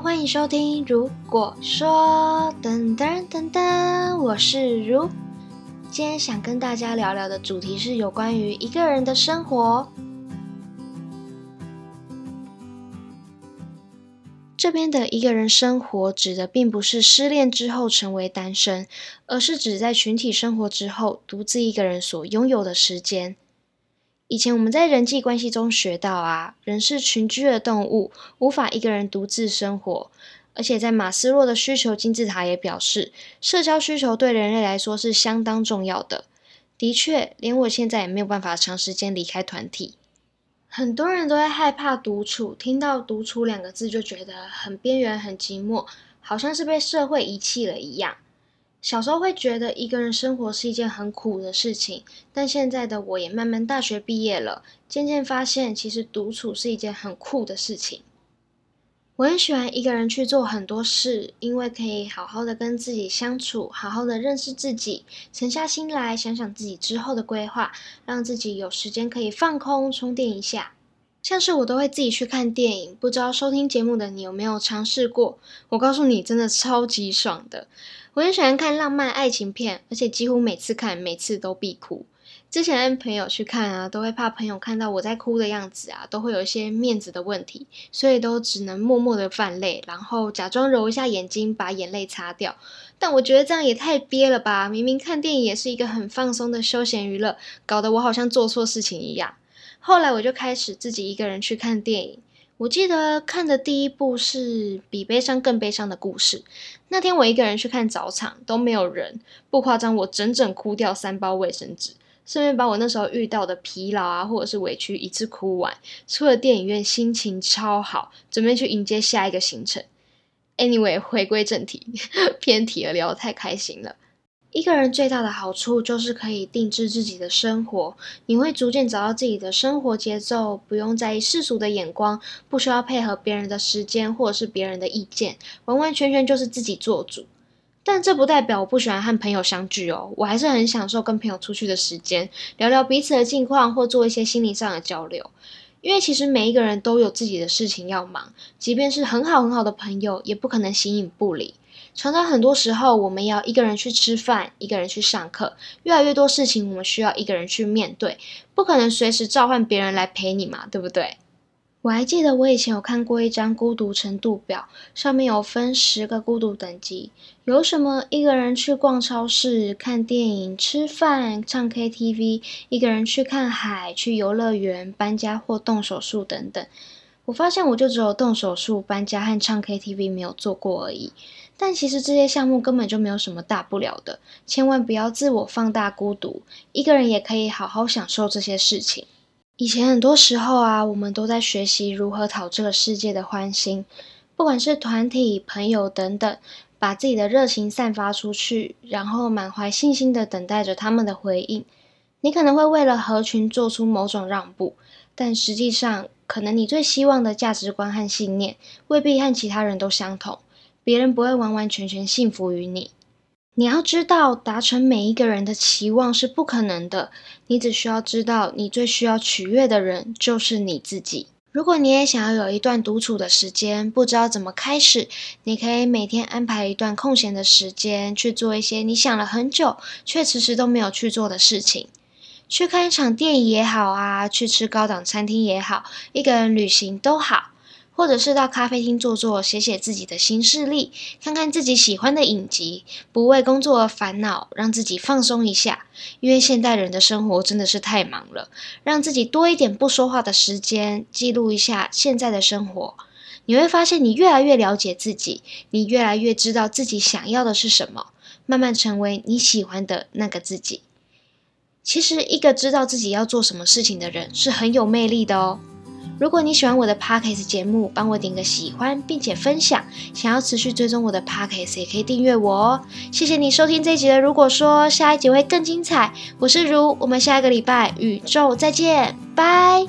歡迎收聽，汝果說，噔噔噔噔，我是汝。今天想跟大家聊聊的主題是有關於一個人的生活。這邊的一個人生活，指的並不是失戀之後成為單身，而是指在群體生活之後，獨自一個人所擁有的時間。以前我們在人際關係中學到啊，人是群居的動物，無法一個人獨自生活。而且在馬斯洛的需求金字塔也表示，社交需求對人類來說是相當重要的。的確，連我現在也沒有辦法長時間離開團體。很多人都會害怕獨處，聽到“獨處”兩個字就覺得很邊緣、很寂寞，好像是被社會遺棄了一樣。小時候會覺得一個人生活是一件很苦的事情，但現在的我也慢慢大學畢業了，漸漸發現其實獨處是一件很酷的事情。我很喜歡一個人去做很多事，因為可以好好的跟自己相處，好好的認識自己，沉下心來想想自己之後的規劃，讓自己有時間可以放空充電一下。像是我都會自己去看電影，不知道收聽節目的你有沒有嘗試過？我告訴你，真的超級爽的。我很喜歡看浪漫愛情片，而且幾乎每次看，每次都必哭。之前朋友去看啊，都會怕朋友看到我在哭的樣子啊，都會有一些面子的問題，所以都只能默默的泛淚，然後假裝揉一下眼睛，把眼淚擦掉。但我覺得這樣也太憋了吧，明明看電影也是一個很放鬆的休閒娛樂，搞得我好像做錯事情一樣。後來我就開始自己一個人去看電影。我記得看的第一部是《比悲傷更悲傷的故事》。那天我一個人去看早場，都沒有人，不誇張，我整整哭掉三包衛生紙，順便把我那時候遇到的疲勞啊，或者是委屈，一次哭完。出了電影院，心情超好，準備去迎接下一個行程。Anyway，回歸正題，偏題了，聊得太開心了。一個人最大的好處就是可以定制自己的生活，你會逐漸找到自己的生活節奏，不用在意世俗的眼光，不需要配合別人的時間或者是別人的意見，完完全全就是自己做主。但這不代表我不喜歡和朋友相聚哦，我還是很享受跟朋友出去的時間，聊聊彼此的近況或做一些心靈上的交流。因為其實每一個人都有自己的事情要忙，即便是很好很好的朋友，也不可能形影不離。常常很多時候，我們要一個人去吃飯，一個人去上課，越來越多事情我們需要一個人去面對，不可能隨時召喚別人來陪你嘛，對不對？我還記得我以前有看過一張孤獨程度表，上面有分十個孤獨等級，有什麼一個人去逛超市、看電影、吃飯、唱 KTV，一個人去看海、去遊樂園、搬家或動手術等等。我發現我就只有動手術、搬家和唱 KTV 沒有做過而已，但其實這些項目根本就沒有什麼大不了的。千萬不要自我放大孤獨，一個人也可以好好享受這些事情。以前很多時候啊，我們都在學習如何討這個世界的歡心，不管是團體、朋友等等，把自己的熱情散發出去，然後滿懷信心的等待着他們的回應。你可能會為了合群做出某種讓步，但實際上。可能你最希望的價值觀和信念，未必和其他人都相同，別人不會完完全全信服於你。你要知道，達成每一個人的期望是不可能的。你只需要知道，你最需要取悅的人就是你自己。如果你也想要有一段獨處的時間，不知道怎麼開始，你可以每天安排一段空閒的時間，去做一些你想了很久卻遲遲都沒有去做的事情。去看一場電影也好啊，去吃高檔餐廳也好，一個人旅行都好，或者是到咖啡廳坐坐，寫寫自己的心事例，看看自己喜歡的影集，不為工作而煩惱，讓自己放鬆一下。因為現代人的生活真的是太忙了，讓自己多一點不說話的時間，記錄一下現在的生活，你會發現你越來越了解自己，你越來越知道自己想要的是什麼，慢慢成為你喜歡的那個自己。其實，一個知道自己要做什麼事情的人是很有魅力的哦。如果你喜歡我的 Podcast 節目，幫我點個喜歡，並且分享。想要持續追蹤我的 Podcast，也可以訂閱我哦。謝謝你收聽這一集的如果說，下一集會更精彩，我是如，我們下一個禮拜宇宙再見，拜拜。